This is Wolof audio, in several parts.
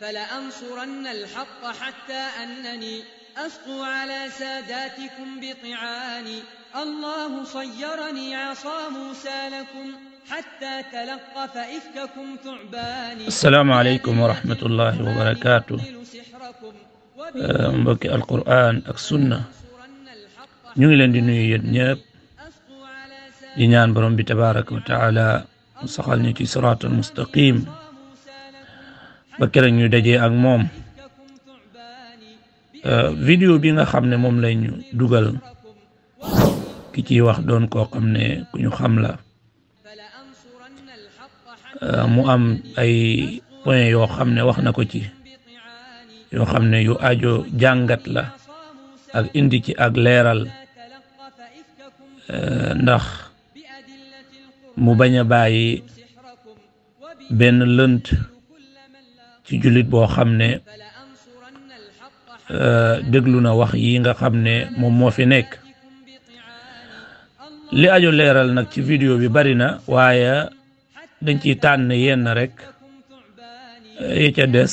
فلأنصرن الحق حتى أنني أسقو على ساداتكم بطعاني الله صيرني عصا موسى لكم حتى تلقف إفككم ثعباني السلام عليكم ورحمة الله وبركاته mbokk آه، القرآن السنة sunna ñu ngi leen di nuyu yéen ñëpp di ñaan borom bi tabaraka wa ba keroog ñu dajee ak moom euh, vidéo bi nga xam ne moom la ñu dugal ki ci wax doon koo xam ne ku ñu xam la euh, mu am ay point yoo xam ne wax na ko ci yoo xam ne yu ajo jàngat la ak indi ci ak leeral euh, ndax mu bañ a bàyyi benn lënt ci jullit boo xam ne euh, déglu na wax yi nga xam ne moom moo fi nekk li ajo leeral nag ci vidéo bi bari na waaye dañ ciy tànn yenn rek euh, yi ca des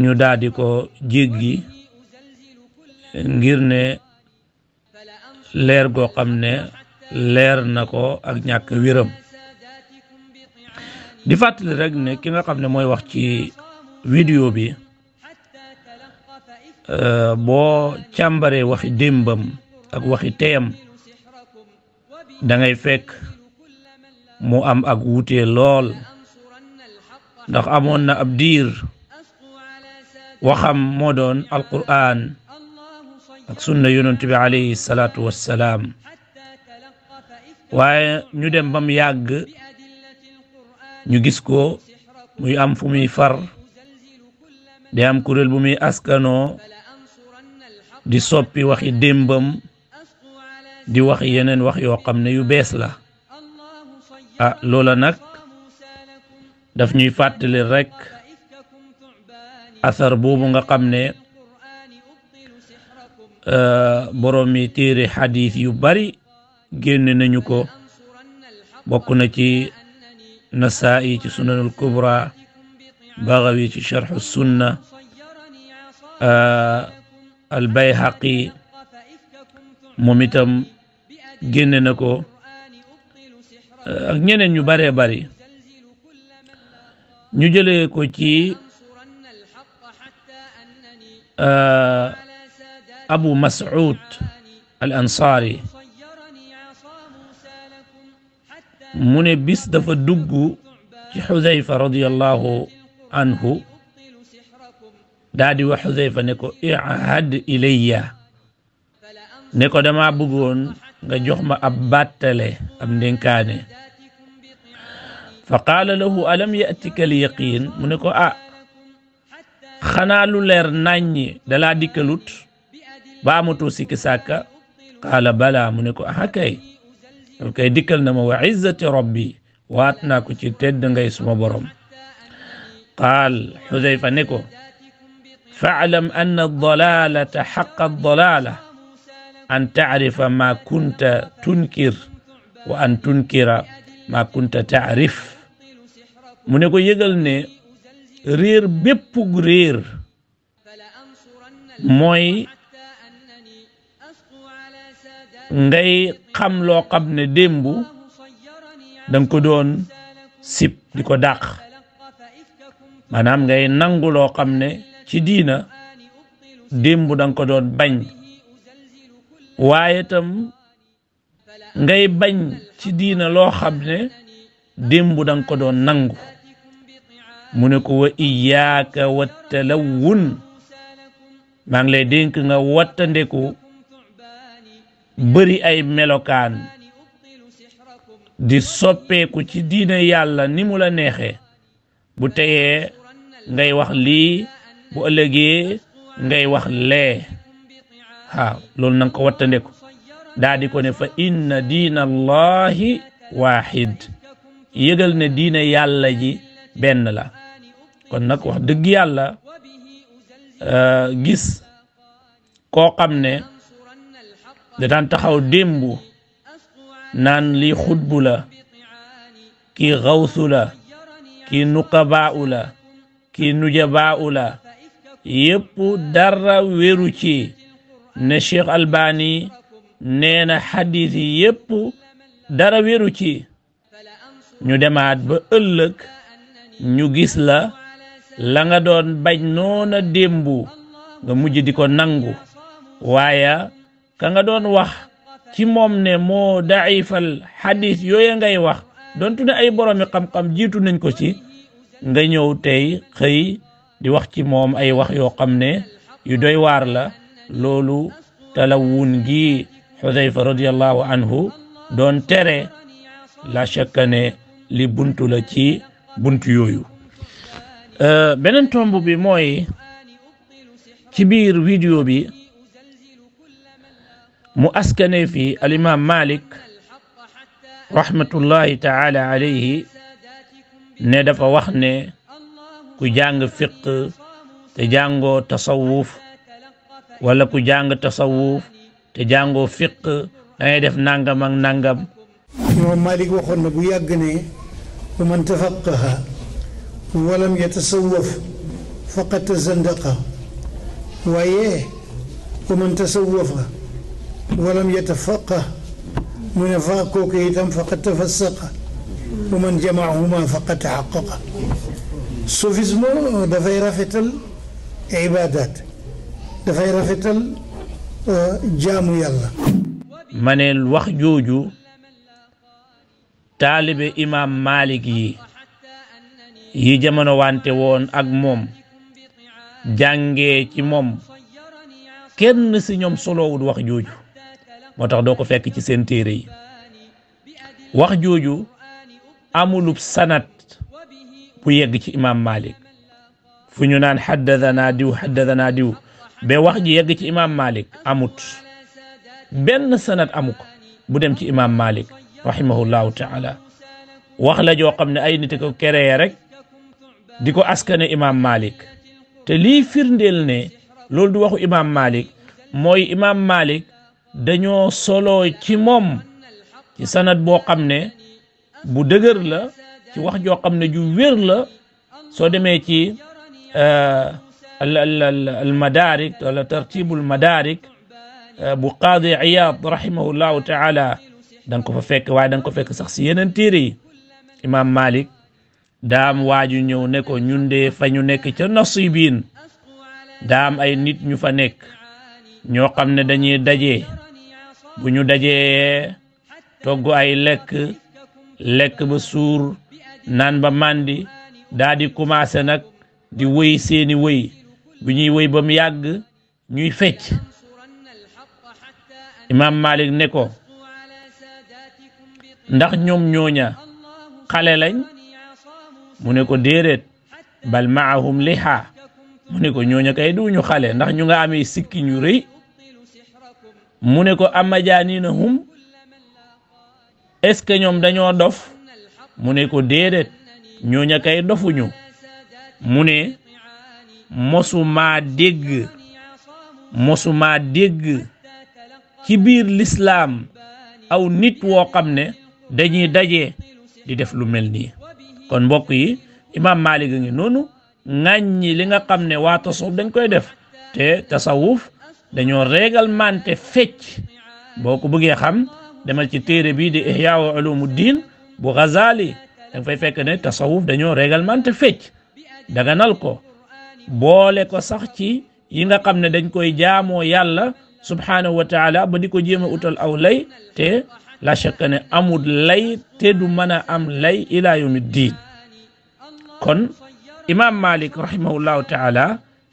ñu daal di ko jéggi ngir ne leer goo xam ne leer na ko ak ñàkk wéram di fàttali rek ne ki nga xam ne mooy wax ci vidéo bi euh, boo càmbaree waxi démbam ak waxi teyam dangay ngay fekk mu am ak wuute lool ndax amoon na ab diir waxam moo doon alquran ak sunna yonent bi alayhi salaatu wassalaam waaye ñu dem ba ñu gis ko muy am fu muy far di am kuréel bu muy askanoo di soppi waxi démbam di wax yeneen wax yoo xam ne yu bees la ah loola nag daf ñuy fàttali rekk asar boobu nga xam ne euh, boroomi téere xadiis yu bari génne nañu ko bokk na ci نسائي في سنن الكبرى بغوي في شرح السنة آه البيهقي ممتم جنن نكو آه نينن يباري باري باري نيو جلي كو تي آه ابو مسعود الانصاري mu ne bis dafa dugg ci xudayfa radiyallahu anhu daa di xudayfa ne ko ihad ilayya ne ko dama bëggoon ga jox ma ab bàttale ab ndénkaane fa qaala lahu alam yatika al yaqin mu ne ko ah xanaa lu leer naññi dalaa dikkalut ba amatoo sikki sàkka qaala bala mu ne ko ah كي ديكال نمو عزة ربي واتنا كوشي تيد دنغي اسمو بروم قال حذيفة نيكو فاعلم أن الضلالة حق الضلالة أن تعرف ما كنت تنكر وأن تنكر ما كنت تعرف منيكو يقلني رير بيبو غرير موي ngay xam loo xam ne démb danga ko doon sip di ko dàq maanaam ngay nangu loo xam ne ci diina démb danga ko doon bañ waaye tam ngay bañ ci diina loo xam ne démb danga ko doon nangu mu ne ko wa iyaaka wa talawun maa ngi lay dénk nga wattandeku bari ay melokaan di soppeeku ci diina yàlla ni mu la neexee bu teyee ngay wax lii bu ëllëgee ngay wax lee waaw loolu nanga ko wattandeku daa di ko ne fa inna diina allahi yëgal ne diina yàlla ji benn la kon nag wax dëgg yàlla euh, gis koo xam ne da daan taxaw démbu naan lii xutbu la kii xawsu la kii nuqabaau la kii nujabaau la yépp dara wéru ci ne Cheikh Albani nee na xadis yépp dara wéru ci ñu demaat ba ëllëg ñu gis la la nga doon bañ noona démbu nga mujj di ko nangu waaye ka nga doon wax ci moom ne moo daifal xadis yooya ngay wax dontu ne ay boroomi xam-xam jiitu nañ ko ci nga ñëw tey xëy di wax ci moom ay wax yoo xam ne yu doy waar la loolu talawun gi xudayfa radiallahu anhu doon tere la shakka ne li buntu la ci buntu yooyu euh, beneen tomb bi mooy ci biir bi مؤسكني في الإمام مالك رحمة الله تعالى عليه ندف وحني كجانغ فقه تجانغو تصوف ولا كجانغ تصوف تجانغو فقه ندف نانغم نانغم الإمام مالك وخرنا بيقني ومن تفقها ولم يتصوف فقد تزندقه ويه ومن تصوفه ولم يتفقه من فاقوكه فقد تفسقه ومن جمعهما فقد تحققه الصوفيزمو دفير فتل عبادات دفير فتل آه، جامو يلا من الوخ جوجو طالب إمام مالكي يجمعنا وانت وان أقموم جانجي كموم كن سنيوم صلو وخ جوجو moo tax doo ko fekk ci seen téere yi wax jooju amulub sanat bu yegg ci imaam Malik fu ñu naan xaddadanaa diw xaddadanaa diw ba wax ji yegg ci imaam Malik amut benn sanat amu ko bu dem ci imaam Malik rahimahullahu taala wax la joo xam ne ay nit ko kereye rek di ko askane imaam Malik te lii firndeel ne loolu du waxu imaam Malik mooy imaam Malik dañoo solo ci moom ci sanat boo xam ne bu dëgër la ci wax joo xam ne ju wér la soo demee ci eh, al madarik wala tartibul madarik eh, bu qaadi Iyaad rahimahullahu taala dan nga ko fa fekk waaye da ko fekk sax si yeneen téere yi imaam Malik daam waaju ñëw ne ko ñun de fa ñu nekk ca nasibiin daam ay nit ñu fa nekk ñoo xam ne dañuy daje bu ñu dajee togg ay lekk lekk ba suur naan ba màndi daa di commencé nag di wëy seeni wëy bu ñuy wëy ba mu yàgg ñuy fecc imaam Malik ne ko ndax ñoom ñooña xale lañ mu ne ko deret bal maahum liha mu ne ko ñooña kay duñu xale ndax ñu nga amee sikki ñu rëy mu ne ko amajaaniina hum est-ce que ñoom dañoo dof mu ne ko déedéet ñoo ña kay dofuñu mu ne mosumaa dégg mosumaa ci biir lislaam aw nit woo xam ne dañuy daje di def lu mel nii kon mbokk yi imaam Maalik a ngi noonu ŋàññi li nga xam ne waa tasawuf dañ koy def te tasawuf dañoo réglementé fecc boo ko bëggee xam demal ci téere bii di ihyaau ulumuddin bu Ghazali da nga fay fekk ne tasawuf dañoo réglementé fecc daganal ko boole ko sax ci yi nga xam ne dañ koy jaamoo yàlla subhanahu wa taala ba di ko jéem a utal aw lay te la shakka ne amul lay te du mën a am lay ila yawmi diin kon imam malik rahimahullahu taala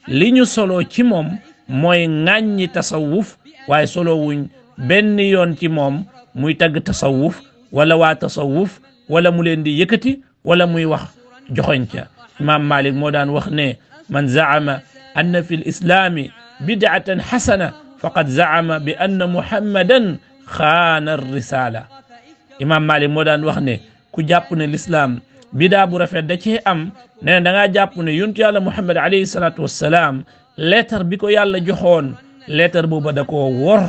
li ñu solo ci moom moy ngagne tasawuf way solo wuñ ben yon ci mom muy tag tasawuf wala wa tasawuf wala mu len di yëkkati wala muy wax joxoñ ca imam malik mo dan wax ne man zaama anna fi lislami bid'atan hasana faqad zaama bi anna muhammadan xaana risala imam malik mo dan wax ne ku jàpp ne l'islam bida bu rafet da ci am ne da nga jàpp ne yuntu yàlla muhammad alayhi salatu wassalam leetar bi ko yàlla joxoon leetar booba da koo wor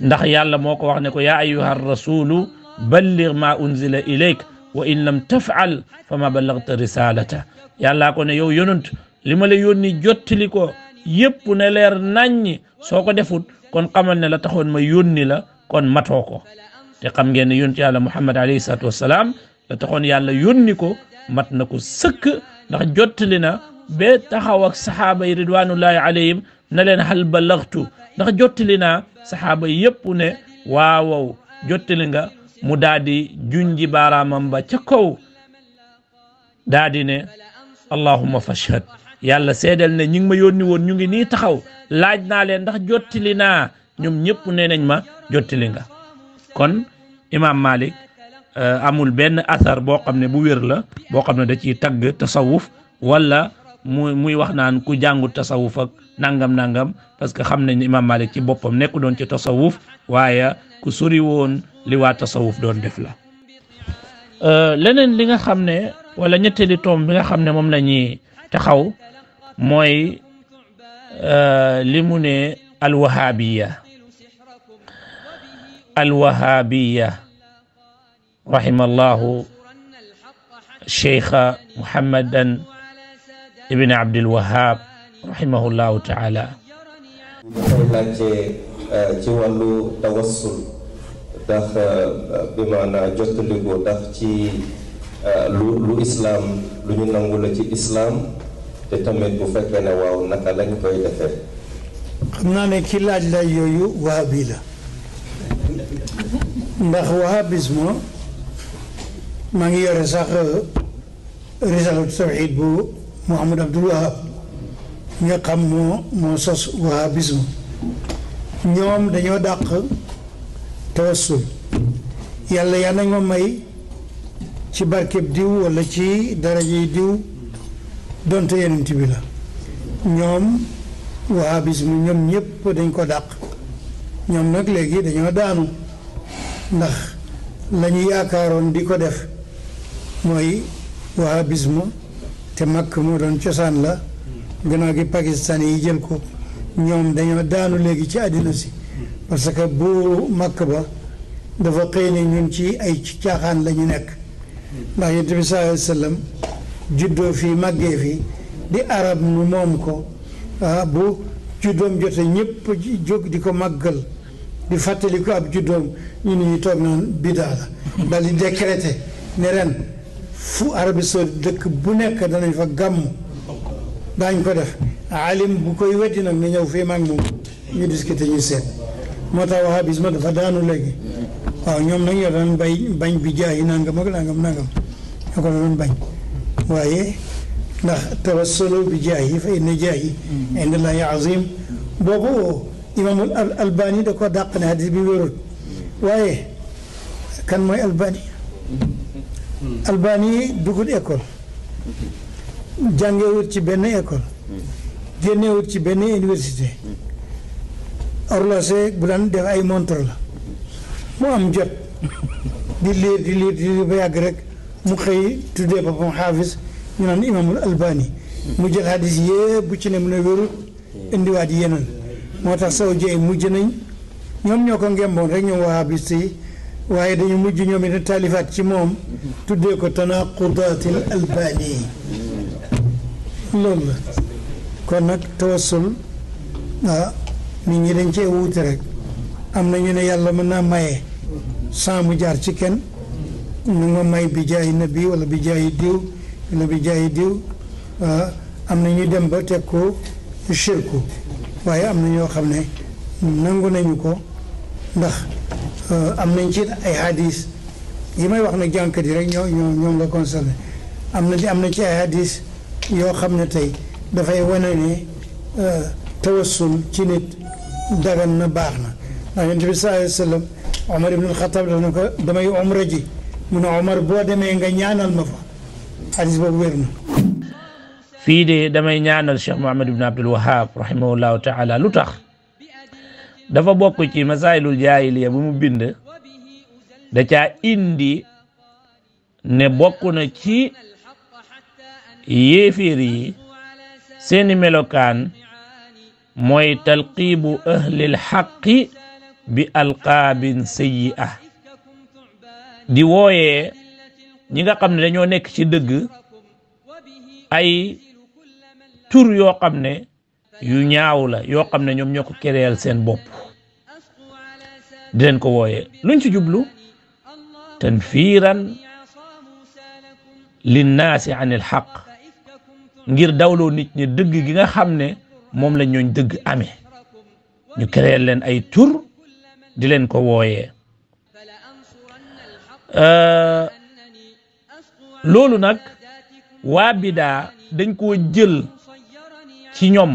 ndax yàlla moo wax ne ko yaa ayuha rasulu balligh ma unzila ilayk wa in lam tafal fa ma risalata yalla ko ne yow yonent li ma la yónni jottali ko yëpp ne leer naññ soo defut kon xamal ne la taxoon ma yónni la kon matoko te xam ngeen ne yonent yàlla muhammad alayhi salatu wasalaam la taxoon yàlla yónni ko mat na ko ndax jottali ba taxaw ak saxaaba yi ridwanullahi alayhim na leen hal balaxtu ndax jottali naa saxaaba yëpp ne waawaw jottali nga mu daadi junji baaraamam ba ca kaw daadi ne allahumma fashhad yàlla seedal ne ñi ngi ma yónni woon ñu ngi nii taxaw laaj naa leen ndax jottali naa ñoom ñëpp nee nañ ma jottali nga kon imaam Malik euh, amul benn asar boo xam ne bu wér la boo xam ne da ciy tagg tasawuf wala mu muy wax naan ku jàngut tasawuf nangam nangam parce que xam nañ ne Imam Malik ci boppam nekku doon ci tasawuf waaye ku sori woon li waa tasawuf doon def la. Euh, leneen li nga xam ne wala ñetteeli toom bi nga xam ne moom la ñuy taxaw mooy euh, li mu ne alwahabiya alwahabiya rahimallahu cheikha muhammadan ابن عبد الوهاب رحمه الله تعالى dafay laajte ci wàllu tawassul ndax bi maanaam jottaliku ndax ci lu lu islaam lu ñu nangu la ci islaam te tamit bu fekkee ne waaw naka lañ koy defee xam naa ne ki laaj laaj yooyu wahabi la ndax wahabisme maa ngi yore sax risalatu tawxid bu Mouhamad Abdoul Wahab nga xam moo moo sos wahabisme ñoom dañoo dàq tawassul yàlla yàlla nañ ma may ci barkeb diw wala ci yi diw donte yenent bi la ñoom wahabisme ñoom ñëpp dañ ko dàq ñoom nag léegi dañoo daanu ndax la ñu yaakaaroon di ko def mooy wahabisme te makk moo doon cosaan la gannaaw gi pakistan yi jël ko ñoom dañoo daanu léegi ci àddina si parce que bu makk ba dafa xëy ne ñun ci ay caaxaan la ñu nekk ndax yonent bi sallallahu alayhi wa sallam juddoo fii màggee fii di arab nu moom ko ah, bu juddoom jote ñëpp jóg di ko màggal di fàttali ab juddoom ñu ni ñu toog naan bidaa la dal di décréter ne ren fu Arabie Saoudite dëkk bu nekk danañ fa gàmm daañ ko def alim bu koy weddi nag ni ñëw fii maag moom ñu discuter ñu seet moo tax wahabisme dafa daanu léegi waaw ñoom nag ñoo doon bay bañ bi jaay nangam ak nangam nangam ñoo ko doon bañ waaye ndax tawassulu bi jaay yi fa inna jaay yi inda llahi azim boobu imaamul albani da ko dàq ne hadis bi wérul waaye kan mooy albani Hmm. albani dugut école jàngewut ci benn école hmm. génnewut ci benn université horloger hmm. bu daan def ay montre la mu am jot di liir di liir di liir ba yàgg rek mu xëy tuddee boppam xaafis ñu naan imaamul albani mu jël hadis yëpp ci ne mu ne wérut indiwaat yeneen moo tax soo jeey mujj nañ ñoom ñoo ko ngemboon rek ñoom wahabiste yi waaye dañu mujj ñoom itam taalifaat ci moom tuddee ko tanaqudatil albaani loolu la kon nag tawassul ah nit ñi dañ cee wuute rek am na ñu ne yàlla mën naa maye sans mu jaar ci kenn ñu ma may bi jaay nabi wala bi jaay diw wala bi jaay diw am na ñu dem ba teg ko shirku waaye am na ñoo xam ne nangu nañu ko ndax Euh, am nañ ci ay hadis yi may wax nag jànkat yi rek ñoo ñoo ñoom la concerné am na am na ci ay hadis yoo xam ne tey dafay wane ne euh, tawassul ci nit dagan na baax na ndax yonent bi sallallahu alayhi wa sallam Omar ibn Xattaab daf ne ko damay omra ji mu ne Omar boo demee nga ñaanal ma fa hadis boobu wér na fii de damay ñaanal Cheikh Mohamed ibn Abdul Wahab rahimahullahu taala lu tax dafa bokk ci masailul jaahiliya bu mu bind da ca indi ne bokk na ci yéeféer yi seeni melokaan mooy talqiibu ahlil xaqi bi alqaabin sayyi di wooye ñi nga xam ne dañoo nekk ci dëgg ay tur yoo xam ne yu ñaaw la yoo xam ne ñoom ñoo ko kéréel seen bopp di leen ko wooye luñ ci jublu tanfiiran linnaasi an il xaq ngir dawloo nit ñi dëgg gi nga xam ne moom la ñooñ dëgg ame ñu créer leen ay tur di leen ko wooye loolu nag waa bidaa dañ koo jël ci ñoom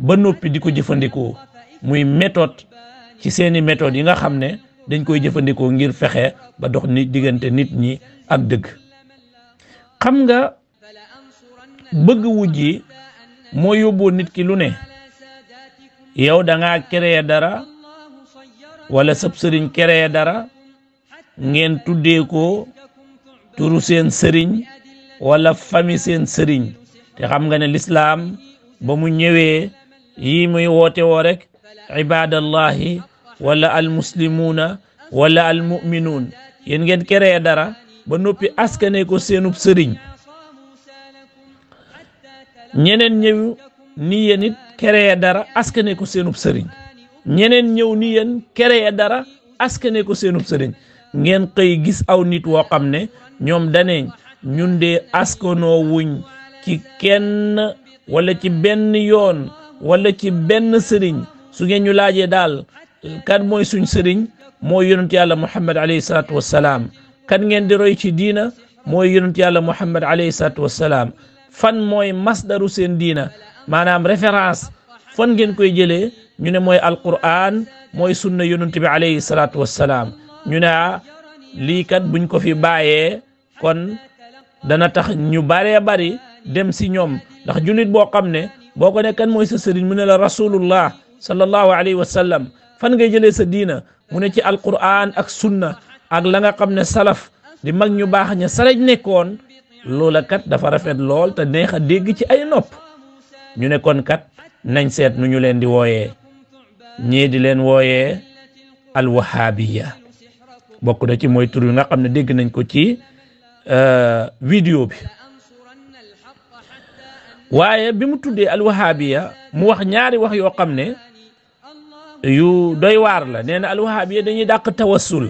ba noppi di ko jëfandikoo muy méthode ci seeni méthode yi nga xam ne dañ koy jëfandikoo ngir fexe ba dox ni diggante nit ñi ak dëgg xam nga bëgg wujj yi moo yóbboo nit ki lu ne yow da ngaa créer dara wala sab sëriñ créer dara ngeen tuddee ko turu seen sëriñ walla fami seen sëriñ te xam nga ne lislaam ba mu ñëwee yii muy woote woo rek ibadallahi wala almuslimuuna wala almuminuun yéen ngeen keree dara ba noppi askane ko seenub sëriñ ñeneen ñëw ni yéen it keree dara askane seenub sëriñ ñeneen ñëw ni yéen dara askane ko seenub sëriñ ngeen xëy gis aw nit woo xam ne ñoom daneñ ñun de askanoo ci kenn wala ci benn yoon wala ci benn sëriñ su ngeen ñu laajee daal kan mooy suñ sëriñ mooy yonent yàlla muhammad alayhi salaatu wassalaam kan ngeen di roy ci diina mooy yonent yàlla muhammad alayhi salaatu salaam fan mooy masdaru seen diina maanaam référence fan ngeen koy jëlee ñu ne mooy alquran mooy sunna yonent bi alayhi salaatu salaam ñu ne ah lii kat buñ ko fi bàyyee kon dana tax ñu baree bari dem si ñoom ndax jullit boo xam ne boo ko ne kan mooy sa sëriñ mu ne la rasulullah sallallahu alayhi wa sallam fan ngay jëlee sa diina mu ne ci alquran ak sunna ak la nga xam ne salaf di mag ñu baax ña salaj nekkoon loola kat dafa rafet lool te neex a dégg ci ay nopp ñu nekkoon kat nañ seet nu ñu leen di wooye ñii di leen wooyee alwahabiya bokk na ci mooy tur yi nga xam ne dégg nañ ko ci euh, vidéo bi waaye bi mu tuddee alwahaabiya mu wax ñaari wax yoo xam ne yu doy waar la nee na alwahaabiya dañuy dàq tawassul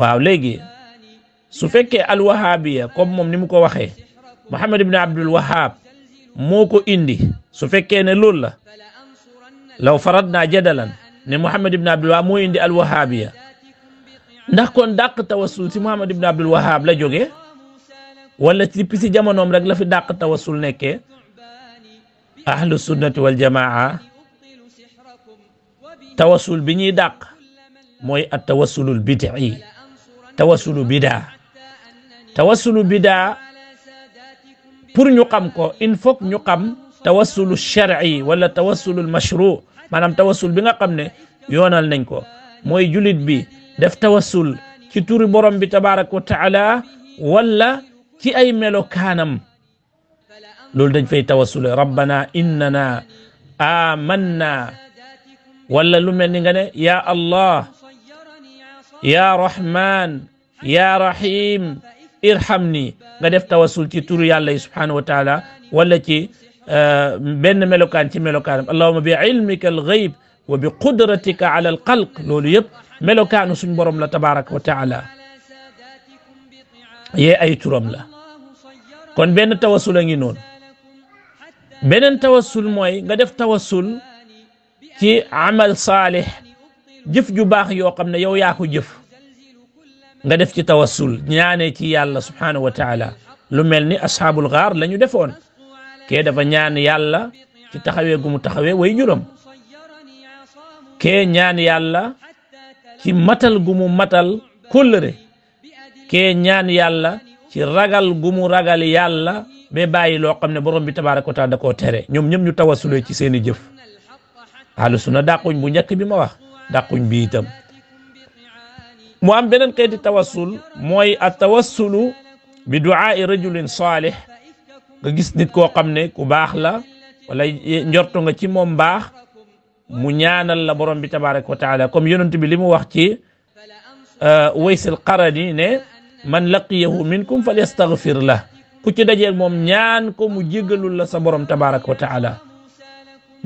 waaw léegi su fekkee alwahaabiya comme moom ni mu ko waxee Muhammad ibn Abdul moo ko indi su fekkee ne loolu la law faradna jadalan ne Muhammad ibn Abdul Wahab moo indi alwahaabiya ndax kon dàq tawassul si Muhammad ibn Abdul Wahab la jógee wala ci pisi jamonoom rek la fi dàq tawasul nekkee ahlu sunnati wal jamaa tawasul bi ñuy dàq mooy at tawasulul bid'i tawasulu bidaa tawasulu bidaa pour ñu xam ko il faut ñu xam tawasulu shar'i wala tawasulul mashru maanaam tawasul bi nga xam ne yoonal nañ ko mooy julit bi def tawasul ci turi borom bi tabaraka wa wala ci ay melokaanam loolu dañ fay tawasule rabbana innana amanna wala lu mel ni nga ne ya allah ya rahman ya rahim irhamni nga def tawasul ci turu yàlla yi subhanahu wa taala wala ci benn melokaan ci melokaanam allahuma bi ilmika alxayb wa bi qudratika ala alxalq loolu yëpp melokaanu suñ borom la tabaraka wa taala yee ay turam la kon benn tawasul a ngi noonu beneen tawasul mooy nga def tawasul ci amal saalix jëf ju baax yoo xam ne yow yaa ko jëf nga def ci tawasul ñaane ci yàlla subhanahu wa taala lu mel ni asxaabul gaar la ñu defoon kee dafa ñaan yàlla ci taxawee gu mu taxawee way juróom kee ñaan yàlla ci matal gu mu matal kóllëre kee ñaan yàlla ci ragal gu mu ragal yàlla ba bàyyi loo xam ne borom bi tabaaraka wa taala tere ñoom ñëpp ñu tawasulee ci seeni jëf ahlu sunna dàquñ bu njëkk bi ma wax dàquñ bi itam mu am beneen xeeti tawassul mooy a tawassulu bi duaai rajulin saalih nga gis nit koo xam ne ku baax la wala njorto nga ci moom baax mu ñaanal la borom bi tabaaraka wa taala comme yonent bi li mu wax ci euh, waysil qarani ne man laqiyahu minkum falyastaghfir lah ku ci dajeeg mom ñaan ko mu jégalul la sa borom tabaraka wa taala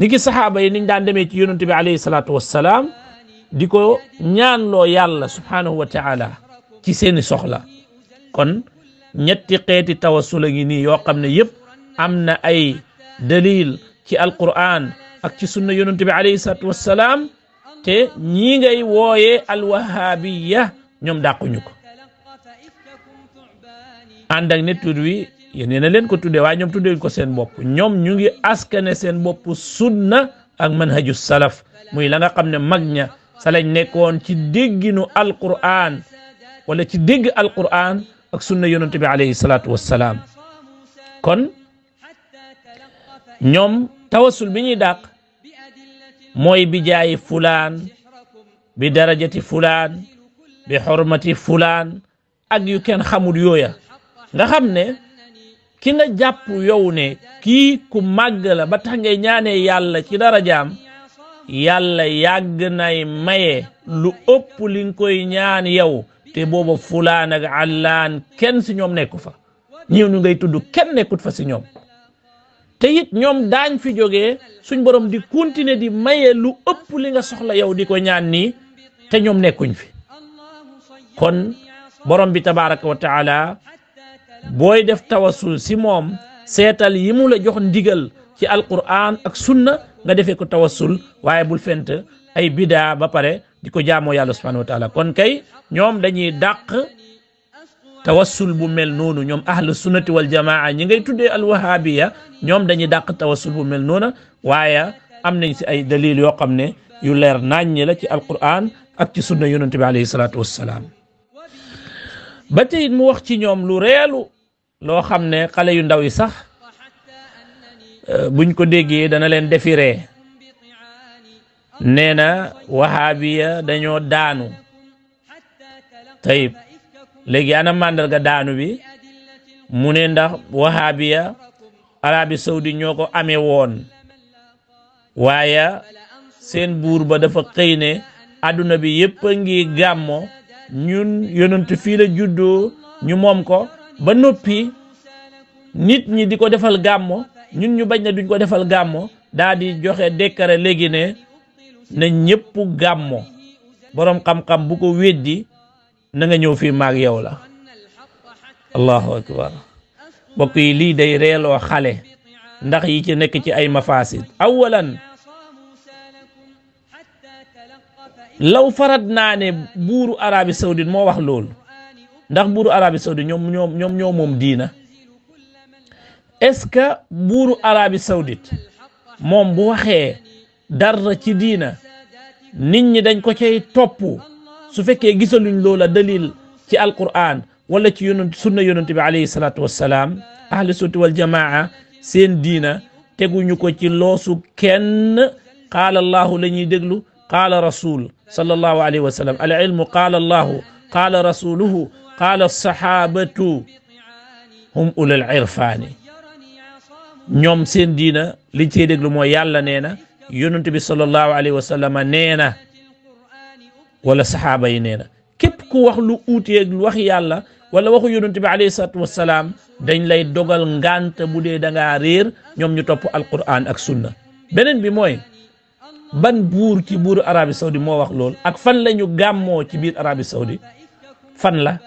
ni ki saxaaba yi niñ daan demee ci yonente bi alayhi salatu wassalam diko ñaan lo yalla subhanahu wa taala ci seen soxla kon ñetti xeeti tawassul gi ni yo xam ne amna ay dalil ci alquran ak ci sunna yonente bi alayhi salatu wassalam te ñi ngay woyé alwahabiya ñom dàquñu anda ak ne tur wi yéen na leen ko tuddee waaye ñom tuddee ko seen bop ñom ñu ngi askane seen bop sunna ak manhajus salaf muy la nga xamne magña sa lañ nekkon ci degginu alquran wala ci degg alquran ak sunna yonente bi alayhi salatu wassalam kon ñom tawasul bi ñuy dàq mooy bi jaay fulan bi darajati fulan bi hurmati fulan ak yu ken xamul yoya nga xam ne ki nga jàpp yow ne kii ku màgg la ba tax ngay ñaanee yàlla ci darajaam yàlla yàgg nay maye lu ëpp li nga koy ñaan yow te booba fulaan ak allaan kenn si ñoom nekku fa ñëw ñu ngay tudd kenn nekkut fa si ñoom te it ñoom daañ fi jógee suñ borom di continuer di maye lu ëpp li nga soxla yow di ko ñaan nii te ñoom nekkuñ fi kon borom bi tabaraka wa taala booy def tawasul si moom seetal yi mu la jox ndigal ci alquran ak sunna nga defee ko tawasul waaye bul fent ay bidaa ba pare di ko jaamoo yàlla subhanahu wa taala kon kay ñoom dañuy dàq tawassul bu mel noonu ñoom ahlu sunnati wal jamaa ñi ngay tuddee alwahabiya ñoom dañuy dàq tawassul bu mel noonu waaye am nañ si ay dalil yoo xam ne yu leer naññi la ci alquran ak ci sunna yonente bi alayhi salaatu wassalaam ba tey mu wax ci ñoom lu reelu loo xam ne xale yu ndaw yi sax euh, buñ ko déggee dana leen defi nee na wahaabiya dañoo daanu tayib léegi ana màndarga daanu bi mu ne ndax wahaabiya arabi saudi ñoo ko amee woon waaye seen buur ba dafa xëy ne adduna bi yépp a ngi gàmmo ñun yonent fii la juddoo ñu moom ko ba noppi nit ñi di ko defal gàmmo ñun ñu bañ ne duñ ko defal gàmmo daa di joxe décret léegi ne na ñëpp gàmmoo boroom xam-xam bu ko weddi na nga ñëw fii maag yow la allahu akbar mbokk yi lii day reeloo xale ndax yi ci nekk ci ay mafasid awalan law farat naa ne buuru Arabie Saoudite moo wax loolu ndax buuru Arabie Saoudite ñoom ñoom ñoom ñoo moom diina est-ce que buuru Arabie Saoudite moom bu waxee dara ci diina nit ñi dañ ko cay topp su fekkee gisaluñ loola dalil ci alquran wala ci yonent sunna yonent bi alayhi salaatu wassalaam ahli sunna wal jamaa seen diina teguñu ko ci loosu kenn qaala allahu la ñuy déglu قال رسول صلى الله عليه وسلم العلم قال الله قال رسوله قال الصحابة هم أولي العرفان نيوم سين دينا لتي دغلو مو يالا نينا يونتبي صلى الله عليه وسلم نينا ولا صحابة نينا كيب كو واخ لو اوتي اك لو واخ يالا ولا واخ يونتبي عليه الصلاة والسلام دنج لاي دوغال نغانت بودي داغا رير نيوم ني توب القران اك سنة بنين بي موي ban bour ci bour Arabie Saoudi mo wax lol ak fan lañu gamo ci bir Arabie Saoudi fan la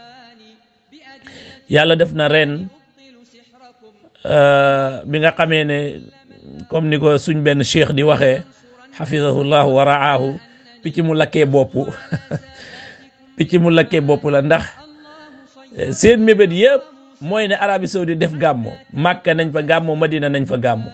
yalla def na ren euh, bi nga xamé né comme niko suñ ben cheikh di waxee xafidahullahu wa raahu picci mu laké bop picci mu laké bop la ndax euh, seen mebet yeb moy ne Arabie Saoudi def gamo makka nañ fa gamo Madina nañ fa gamo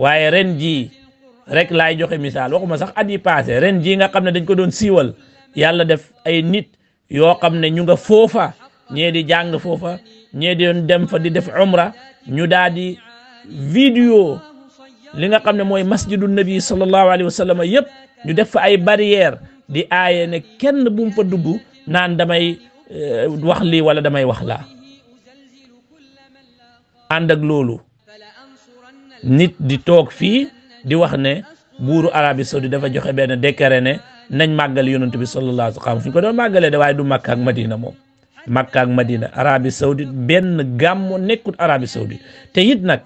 waye ren ji rek laay joxe misaal waxuma sax at yi ren jii nga xam ne dañ ko doon siiwal yàlla def ay nit yoo xam ne ñu nga foofa ñee di jàng foofa ñee di dem fa di def umra ñu daa di vidéo li nga xam ne mooy masjidu nabi sallallahu alayhi wa sallam yëpp ñu def fa ay barrière di aaye ne kenn bu mu dugg naan damay euh, wax lii wala damay wax laa ànd loolu nit di toog fii di wax ne buuru Arabie Saoudite dafa joxe benn décret ne nañ màggal yonent bi sallallahu alayhi wa fu ñu ko doon màggalee de waaye du Makka ak Madina moom Makka ak Madina Arabie Saoudite benn gàmmu nekkut Arabie Saoudite te it nag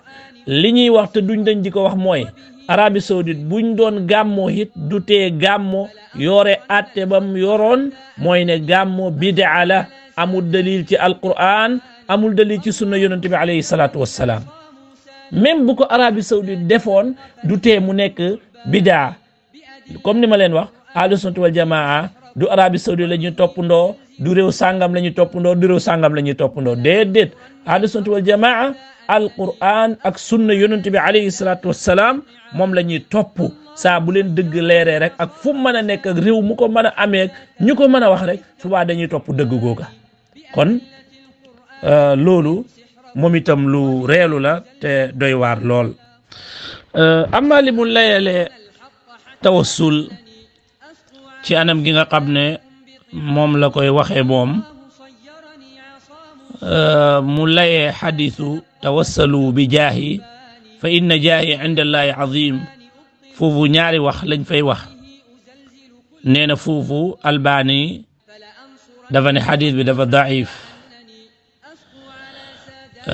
li ñuy wax te duñ dañ di ko wax mooy Arabie Saoudite buñ doon gàmmoo it du tee gàmmo yore atte bam yoroon mooy ne gàmmo bidaa la amul dalil ci alquran amul dalil ci sunna yonent bi alayhi salaatu wassalaam même bu ko Arabie Saoudite defoon du tee mu nekk bidaa comme ni ma leen wax ahlu sunna wal jamaa du Arabie Saoudite la ñuy toppandoo du réew sangam la ñuy toppandoo du réew sàngam la ñuy toppandoo déedéet ahlu sunna wal jamaa alquran ak sunna yonent bi alayhi salaatu wassalaam moom la ñuy topp saa bu leen dëgg leeree rek ak fu mën a nekk ak réew mu ko mën a amee ñu ko mën a wax rek subaa dañuy topp dëgg googa kon euh, loolu moom itam lu reelu la te doy waar lool euh, amma li mu layalee tawassul ci anam gi nga xam ne moom la koy waxee moom euh, mu layee xadisu tawassalu bi jaahi fa inna jaahi inda allaahi azim foofu ñaari wax lañ fay wax nee na foofu albaani dafa ne xadis bi dafa daif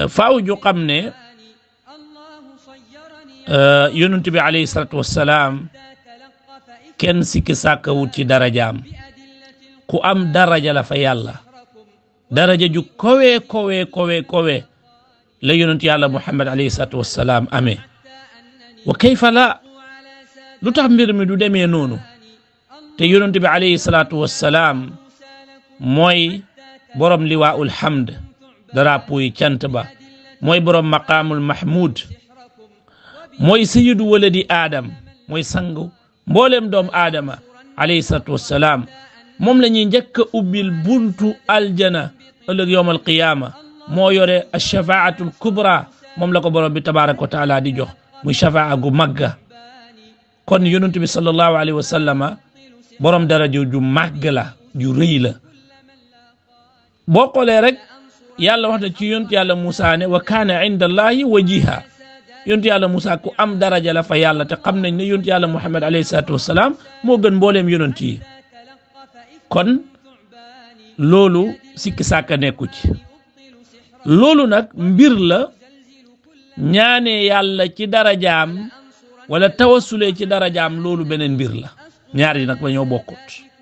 فاو جو قمني يونت بي عليه الصلاة والسلام كن سيك ساكو تي درجام كو أم درجة لا في الله درجة جو كوي كوي كوي كوي لا يونت يا الله محمد عليه الصلاة والسلام أمي وكيف لا لو تعمير دمي نونو تي يونت بي عليه الصلاة والسلام موي بروم لواء الحمد drapeau yi cant ba moy borom maqamul mahmud moy sayyidu waladi adam moy sangu mbollem dom adama alayhi salatu wassalam mom lañi ñeek ubil buntu aljana ëlëk yowm qiyamah mo yoré ashafaatul kubra mom lako borom bi tabaraka wa taala di jox muy shafaa gu magga kon yonent bi sallallahu alayhi wa borom dara ju màgg la ju reey la bokolé rek yàlla wax na ci yontu yàlla Moussa ne wa kaana inda allahi wajiha yontu yàlla Moussa am daraja la fa yàlla te xam nañ ne yontu yàlla Muhammad alayhi salaatu wasalaam moo gën mboolem yonent yi kon loolu sikki sàkka nekku ci loolu nag mbir la ñaanee yàlla ci darajaam wala tawasulee ci darajaam loolu beneen mbir la ñaar yi nag ba ñoo bokkut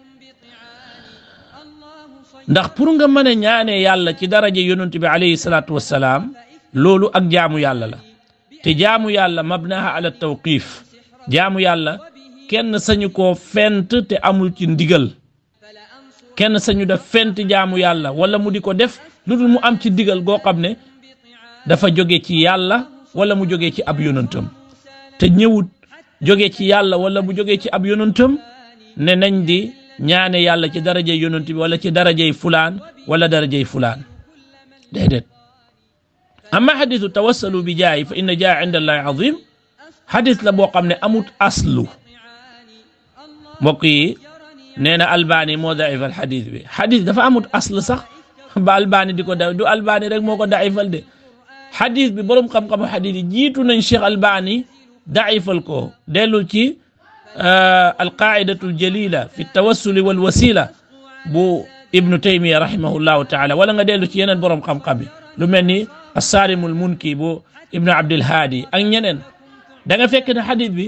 ndax pour nga mën ñaane yàlla ci daraja yonent bi alayhi salaatu wassalaam loolu ak jaamu yàlla la te jaamu yàlla mabnaha ala tawqif jaamu yàlla kenn sañu ko fent te amul ci ndigal kenn sañu def fent jaamu yàlla wala mu di ko def lu dul mu am ci ndigal goo xam ne dafa jóge ci yàlla wala mu jóge ci ab yonentam te ñëwut jóge ci yàlla walla mu jóge ci ab yonentam ne nañ di ñaane yàlla ci darajey yonent bi wala ci darajey fulaan wala darajey fulaan déedéet amma xadisu tawassalu bi jaayi fa inna jaay inda allahi azim xadis la boo xam ne amut aslu mbokk yi nee na albani moo daifal xadis bi xadis dafa amut asl sax ba albani di ko da du albani rek moo ko daifal de xadis bi boroom xam-xamu xadis yi jiitu nañ cheikh albani daifal ko dellul ci alqaidatu aljalila fi tawassuli walwasila bu ibnu taymiya rahimahullahu taala wala nga dellu ci yeneen borom xam-xam lu mel ni asaalimul munki bu ibnu abdilhaadi ak ñeneen da nga fekk ne xadis bi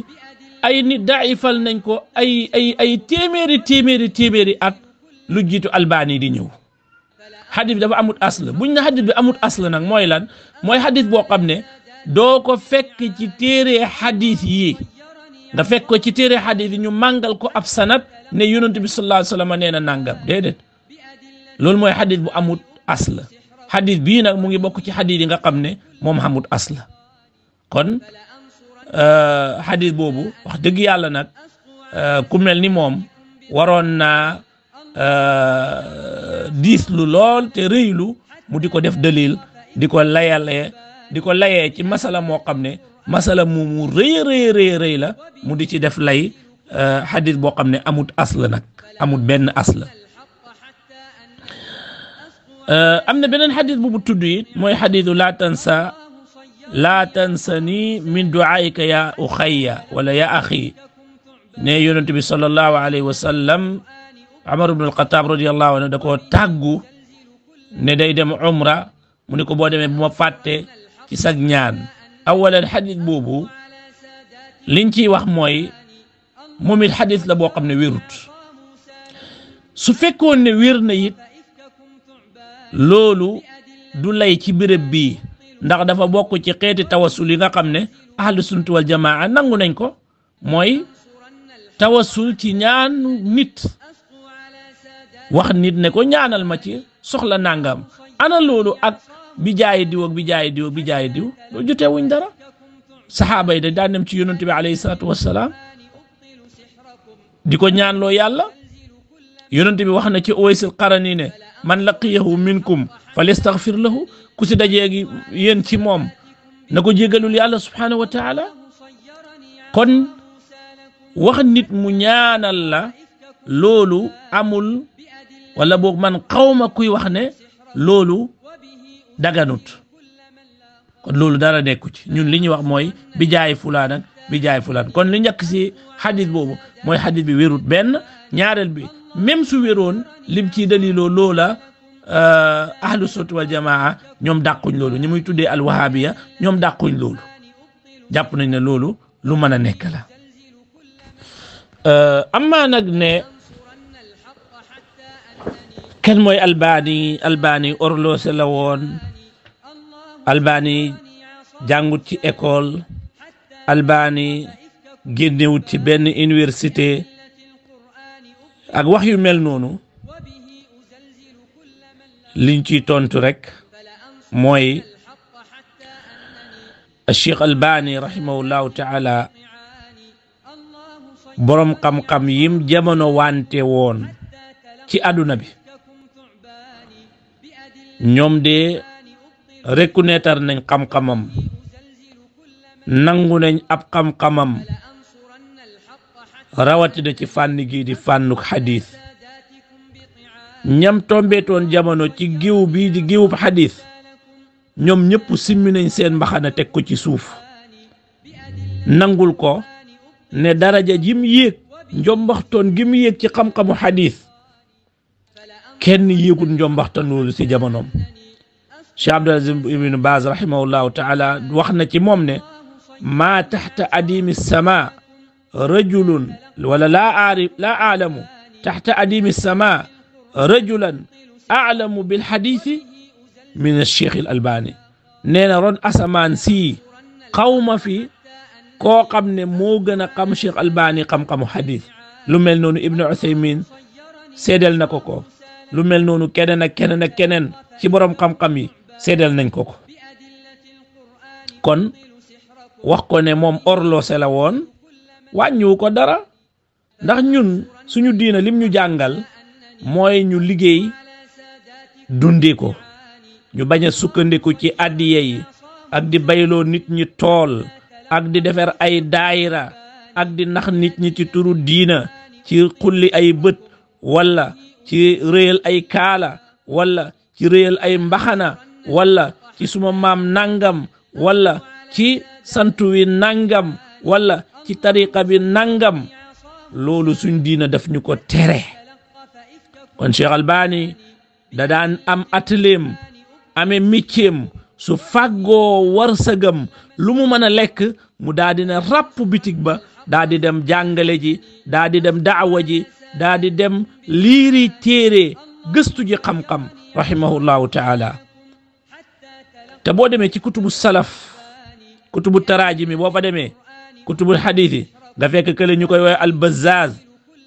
ay nit daifal nañ ko ay ay ay téeméeri téeméeri téeméeri ak lu jiitu albani di ñëw xadis bi dafa amut asla buñ ne xadis bi amut asla nag mooy lan mooy xadis boo xam ne doo ko fekk ci téere xadis yi nga fekk ci téere xadis yi ñu màngal ko ab sanat ne yonent bi sallallahu alayhi wa sallam nee na nàngam déedéet mooy xadis bu amut as la xadis bii nag mu ngi bokk ci xadis yi nga xam ne moom xamut as la kon euh, xadis boobu wax dëgg yàlla nag euh, ku mel ni moom waroon na euh, diis lu lool te rëylu mu di ko def dalil di ko layalee di ko layee ci masala moo xam ne masala mu mu rëy rëy rëy rëy la mu di ci def lay euh, xadis boo xam ne amut as la nag amut benn as la euh, am na beneen xadis bu mu tudd it mooy xadisu laa tansa laa tansani min duaayika yaa uxayya wala yaa axi ne yonent bi sallallahu alayhi wa sallam Amar ibn al-Xataab radiyallahu anhu da koo tàggu ne day dem umra mu ne ko boo demee bu ma fàtte ci sag ñaan awalan xadis boobu liñ ci wax mooy moom it xadis la boo xam ne wérut su fekkoon ne wér na it loolu du lay ci béréb bii ndax dafa bokk ci xeeti tawasul yi nga xam ne ahlu sunna wal jamaa nangu nañ ko mooy tawasul ci ñaan nit wax nit ne ko ñaanal ma ci soxla nangam ana loolu ak bi jaayi diw bi jaayi diw bi jaayi diw loolu jotee wuñ dara saxaaba yi dañ daan dem ci yonent bi alayhi salaatu wassalaam di ko ñaanloo yàlla yonent bi wax na ci Uwaysul Qarani man laqiyahu minkum falyastaghfir lahu ku si dajeegi yéen ci moom na ko jégalul yàlla subhaanahu wa taala kon wax nit mu ñaanal la loolu amul wala boog man xawma kuy wax ne loolu daganut kon loolu dara nekku ci ñun li ñuy wax mooy bi jaay fulaan ak bi jaay fulaan kon li njëkk si xadis boobu mooy xadis bi wérut benn ñaareel bi même su wéroon lim ciy daliloo loola euh, ahlu sunna wal jamaa ñoom dàquñ loolu ñi muy tuddee alwahabiya ñoom dàquñ loolu jàpp nañ ne loolu lu mën a nekk euh, nag ne kenn mooy Albani Albani orloose la woon Albani jàngut ci école Albani génnewut ci benn université ak wax yu mel noonu liñ ciy tontu rek mooy Cheikh Albani rahimahullahu taala borom xam-xam yim jamono wante woon ci àdduna bi ñoom de neetar nañ xam-xamam nangu nañ ab xam-xamam rawatina ci fànn gii di fànnu xadiis ñam tombeetoon jamono ci giw bii di giwub xadiis ñoom ñëpp simmi nañ seen mbaxana teg ko ci suuf nangul ko ne daraja jim yéeg njombaxtoon gi yéeg ci xam-xamu xadiis كن يكون جم بختنو لسي جمانهم شيخ عبد ابن باز رحمه الله تعالى وخنا تي ما تحت اديم السماء رجل ولا لا اعرف لا اعلم تحت اديم السماء رجلا اعلم بالحديث من الشيخ الالباني نينا رون اسمان سي قوم في كو قمن قم شيخ الالباني قم قم حديث لما نون ابن عثيمين سيدل نكوكو lu mel noonu keneen ak keneen ak keneen ci boroom xam-xam yi seedeel nañ ko ko kon wax ko ne moom orloose la woon wàññiwu ko dara ndax ñun suñu diina lim ñu jàngal mooy ñu liggéey dundee ko ñu bañ a sukkandiku ci addiye yi ak di bayloo nit ñi tool ak di defar ay daayira ak di nax nit ñi ci turu diina ci xulli ay bët walla ci réyal ay kaala walla ci réyal ay mbaxana walla ci suma maam nangam walla ci santu wi nangam wala ci tariqa bi nangam loolu suñ diina daf ñu ko tere kon Cheikh Albani da am ataleem amee micceem su fàggoo warsagam lu mu mën a lekk mu daa dina bitik ba daa dem jàngale ji daa dem daawa ji daa di dem liiri téere gëstu ji xam-xam rahimahullahu taala te boo demee ci kutubu salaf kutubu taraajimi boo fa demee kutubu xadiisi nga fekk kële ñu koy wooye albazaz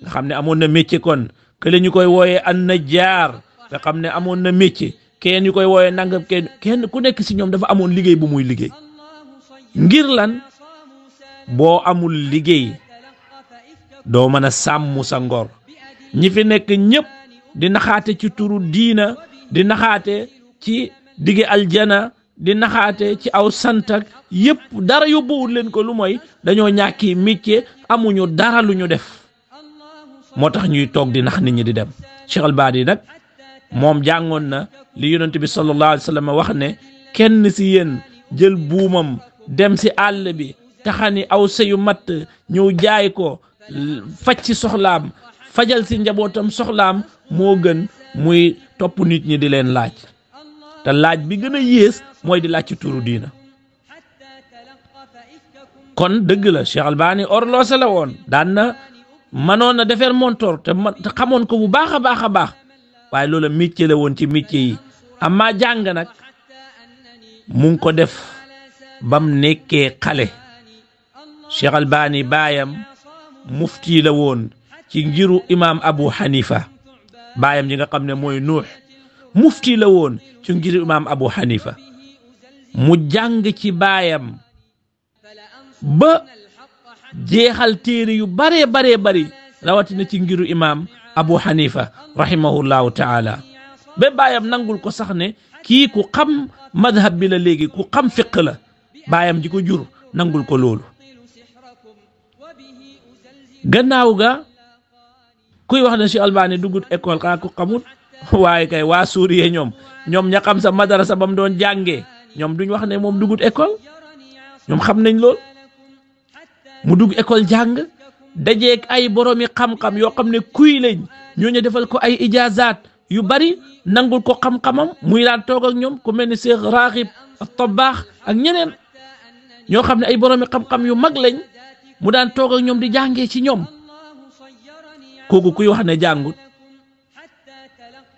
nga xam ne amoon na métier kon kële ñu koy wooye an najjaar nga xam ne amoon na métier kenn ñu koy wooye nangam kenn kenn ku nekk si ñoom dafa amoon liggéey bu muy liggéey ngir lan boo amul liggéey doo mën a sàmm sa ngor ñi fi nekk ñëpp di naxaate ci turu diina di naxaate ci diggi aljana di naxaate ci aw santak yëpp dara yóbbuwul leen ko lu mooy dañoo ñàkki métier amuñu dara lu ñu def moo tax ñuy toog di nax nit ñi di dem Cheikh Albani nag moom jàngoon na li yonent bi sallallahu wax ne kenn si yéen jël buumam dem si àll bi taxani aw sëyu matt ñëw jaay ko faj ci soxlaam fajal si njabootam soxlaam moo gën muy topp nit ñi di leen laaj te laaj bi gën a yées mooy di laaj ci turu diina kon dëgg la Cheikh Albani orloose la woon daan na mënoon na defar montor te xamoon ko bu baax a baax a baax waaye loola métier la woon ci métier yi amaa jàng nag mu ko def bam nekkee xale Cheikh Albani baayam mufti la woon ci ngiru imaam Abu Hanifa baayam ji nga xam ne mooy nuux mufti la woon ci ngiru imaam Abu Hanifa mu jàng ci baayam ba jeexal téere yu bare baree bari rawatina ci ngiru imaam Abu Hanifa rahimahullahu taala ba baayam nangul ko sax ne kii ku xam madhab bi la léegi ku xam fiq la baayam ji ko jur nangul ko loolu kuy wax na si Albani dugut école xaa ko xamut waaye kay waa suuriye ñoom ñoom ña xam sa madarasa ba mu doon jàngee ñoom duñ wax ne moom dugut école ñoom xam nañ lool mu dugg école jàng dajeeg ay boromi xam-xam yoo xam ne kuy lañ ñooñu defal ko ay ijaazaat yu bari nangul ko xam-xamam muy daan toog ak ñoom ku mel ni Cheikh Raghib Tabbaax ak ñeneen ñoo xam ne ay boromi xam-xam yu mag lañ mu daan toog ak ñoom di jànge ci ñoom. kooku kuy wax ne jàngut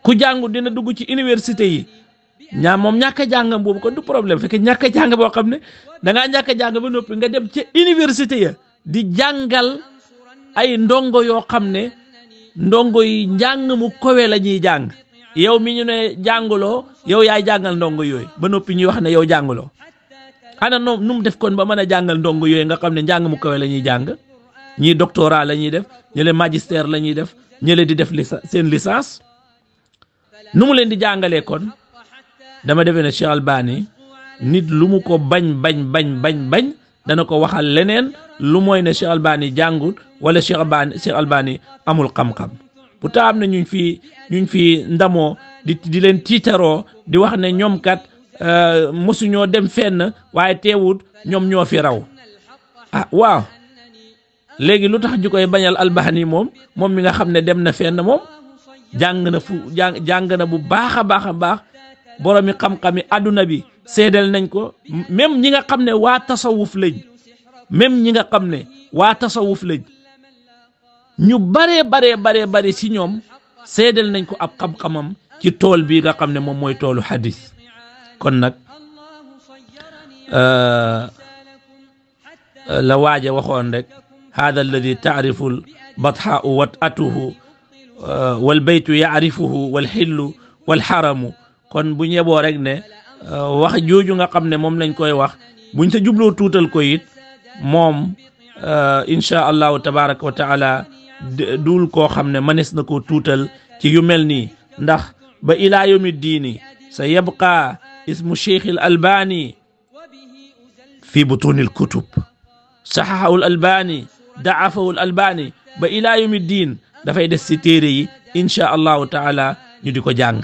ku jàngut dina dugg ci université yi ñaam moom ñàkk jàngam boobu kon du problème fekk ñàkk a jàng boo xam ne da ngaa ñàkk a jàng ba noppi nga dem ca université ya di jàngal ay ndongo yoo xam ne ndongo yi njàng mu kowe la ñuy jàng yow mi ñu ne yow yaay jàngal ndongo yooyu ba noppi ñuy wax ne yow jàngaloo ana noom nu mu def kon ba mën a jàngal ndongo yooyu nga xam ne njàng mu kowe la ñuy jàng ñii doctorat la ñuy def ñële magistère la ñuy def ñële di def seen licence nu mu leen di jàngalee kon dama defee ne Cheikh Albani nit lu mu ko bañ bañ bañ bañ bañ dana ko waxal leneen lu mooy ne Cheikh Albani jàngut wala Cheikh Albani Cheikh amul xam-xam bu taam ne ñu fi ñu fi ndamoo di leen tiitaroo di wax ne ñoom kat euh, mosuñoo dem fenn waaye teewut ñoom ñoo fi raw ah, waaw. léegi lu tax ñu koy bañal albahani moom moom mi nga xam ne dem na na moom jàng na fu jàng na bu baax a baax a baax boroomi xam-xami àdduna bi seedal nañ ko même ñi nga xam ne waa tasawuf lañ même ñi nga xam ne waa tasawuf lañ ñu baree baree baree bare si ñoom seedal nañ ko ab xam-xamam ci tool bii nga xam ne moom mooy toolu xadis kon nag euh, la a waxoon rek هذا الذي تعرف البطحاء وطأته والبيت يعرفه والحل والحرم kon bu ñu yeboo rek ne wax jooju nga xam ne moom lañ koy wax buñ sa jubloo tuutal ko it moom incha allahu tabaraka wa taala duul koo xam ne manes na koo tuutal ci yu mel nii ndax ba ilaa yawmi diini sa yabqa ismu cheikh al albani fi butuni al kutub saxahahu al albani da'afahu al-albani ba ila da fay des ci téré yi insha allah taala ñu diko jang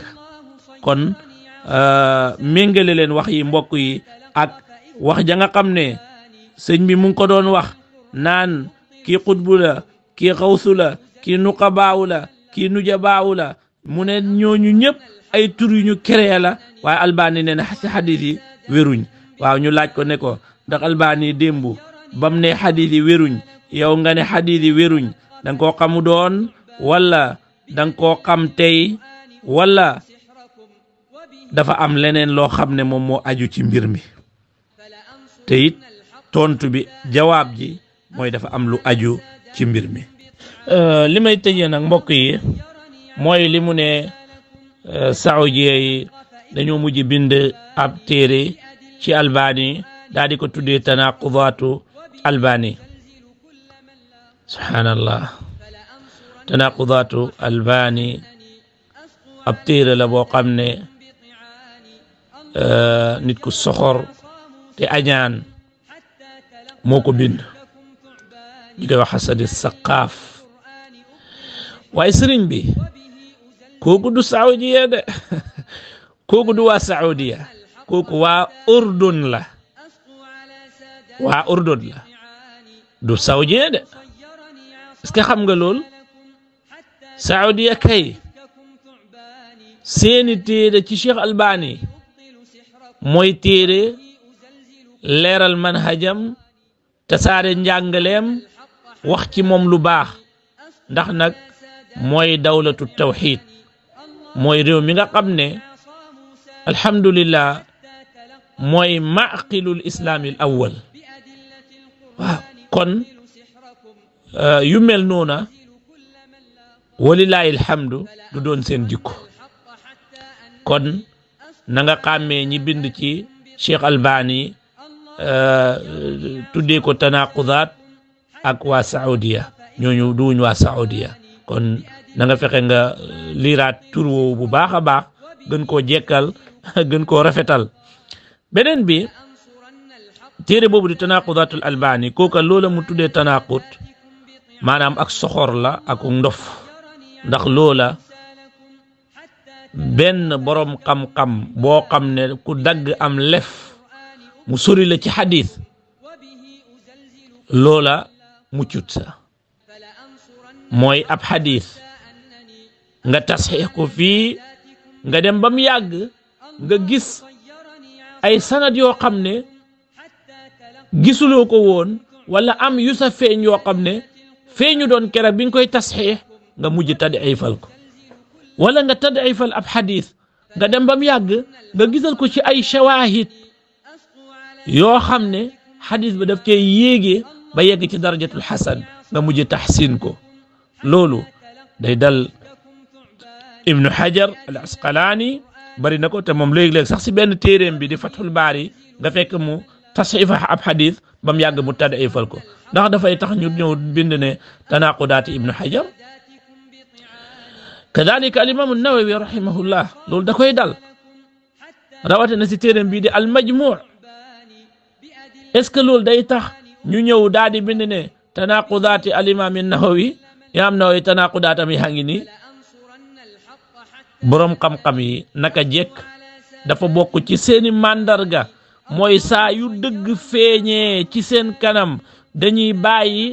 kon kon euh, méngale len wax yi mbokk yi ak wax ja nga xamne señ bi mu ko doon wax nan ki qutbula ki kii ki nuqabaula ki nujabaula mu ne ñep ay tur yu ñu créé la way albani ne na si xadis yi wéruñ waaw ñu laaj ko ne ko ndax albani dembu bam ne xadiis yi wéruñ yow nga ne xadiis yi wéruñ danga koo xamu doon wala danga koo xam tey walla dafa am leneen loo xam ne moom moo aju ci mbir mi te it tontu bi jawaab ji mooy dafa am lu aju ci mbir mi euh, li may tëjee nag mbokk yi mooy li mu ne euh, saoudiens yi dañoo mujj bind ab téere ci albani daal di ko tuddee tanaqudaatu Albani subhanallah tanaqudatu Albani ab téere la bo xamne euh nit ku soxor te añaan moko bind ñu koy wax xasadi saqaf bi koku du saudiya de koku du wa saudiya koku wa urdun la wa urdun la du Saoudiya de que xam nga loolu Saoudiya kay seeni téere ci Cheikh Albani mooy téere leeral manhajam tasaare njàngaleem wax ci moom lu baax ndax nag mooy dawlatu tawxiid mooy réew mi nga xam ne alhamdulillah mooy ma islaamil awwal waaw kon euh, yu mel noona walilaahi alhamdu du doon seen jikko kon na nga xàmmee ñi bind ci Cheikh Albani euh, tuddee ko tanaqudaat ak waa Saoudia ñooñu duwuñ waa Saoudia kon na nga fexe nga euh, liiraat tur woowu bu baax a baax gën koo jekkal gën koo rafetal beneen bi téere boobu di tanaaqudatul albaani kooka loola mu tuddee tanaaqut maanaam ak soxor la ak ndof ndax loola benn boroom xam-xam boo xam ne ku dagg am lef mu sori la ci xadiis loola muccut sa mooy ab xadiis nga tasxiix ko fii nga dem ba mu yàgg nga gis ay sanad yoo xam ne gisuloo ko woon wala am yu sa feeñ yoo xam ne feeñu doon kera bi nga koy tasxiix nga mujj tadifal ko wala nga tadifal ab xadiis nga dem ba mu yàgg nga gisal ko ci ay shawaahid yoo xam ne xadis ba daf cee yéegee ba yegg ci darajatul xasan nga mujj taxsin ko loolu day dal ibnu xajar al asqalaani bari na ko te moom léegi-léeg sax si benn téeréem bi di fathul baari nga fekk mu tasxiifa ab xadis ba yàgg mu tadifal ko ndax dafay tax ñu ñëw bind ne tanaqudaati ibnu xajar kadalika alimaamu nawawi rahimahullah loolu dakoy koy dal rawatina si téeréem bii di almajmuu est-ce que loolu day tax ñu ñëw daal di bind ne tanaqudaati alimaami nawawi imaam nawawi tanaqudaatam yaa ngi nii boroom xam-xam yi naka jekk dafa bokk ci seeni màndarga mooy saa yu dëgg feeñee ci seen kanam dañuy bàyyi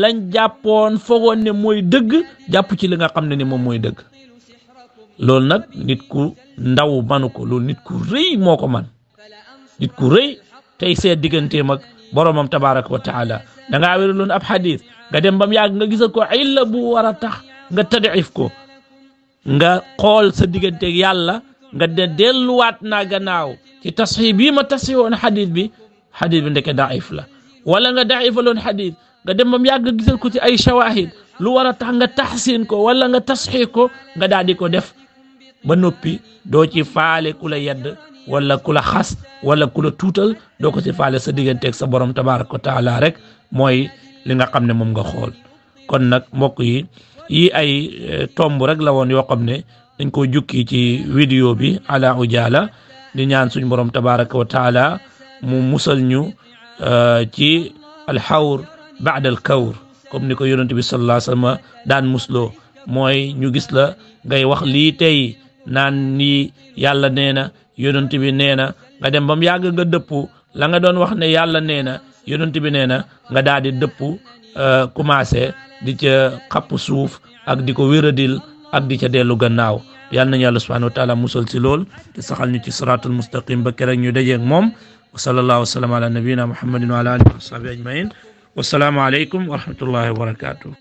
lañ jàppoon foogoon ne mooy dëgg jàpp ci li nga xam ne ni moom mooy dëgg loolu nag nit ku ndaw manu ko loolu nit ku rëy moo ko man nit ku rëy tey seet digganteem ak boromam tabaraka wa taala da ngaa wéri loon ab xadis nga dem ba mu yàgg nga gisa ko illa bu war a tax nga tadif ko nga xool sa digganteeg yàlla nga de delluwaat naa gannaaw ci tasxi bii ma tasxi woon xadis bi xadis bi ndeke daif la wala nga daifaloon xadis nga dem bam yàgg gisal ko ci ay shawahid lu war a tax nga taxsin ko wala nga tasxi ko nga daal di ko def ba noppi doo ci faale ku la yedd walla ku la xas wala ku la tuutal doo ko ci faale sa digganteek sa borom tabaraka wa taala rek mooy li nga xam ne moom nga xool kon nag mbokk yi ay eh, tomb rek la woon yoo xam ne dañ ko jukki ci vidéo bi ala ujaala di ñaan suñ borom tabaraka wa mu musal ñu euh, ci alxawr baada alkawr comme ni ko yonent bi sallallahu alayhi wasallam daan musloo mooy ñu gis la ngay wax lii tey naan nii yàlla nee na yonent bi nee na nga dem bam yàgg nga dëpp la nga doon wax ne yàlla nee na yonent bi nee na nga daal di dëpp euh, commencé di ca xapp suuf ak di ko wéradil at di ca dellu gannaaw yàlla nañu yàlla subhanahu wa taala musal ci lool te saxal ñu ci siratul mustaqim ba keroog ñu dajeeg moom wa sallallahu wa sallam ala nabiyina muhammadin wa ala alihi wa sahbihi ajmain wa wasalaamu alaykum wa rahmatullahi wa barakatuh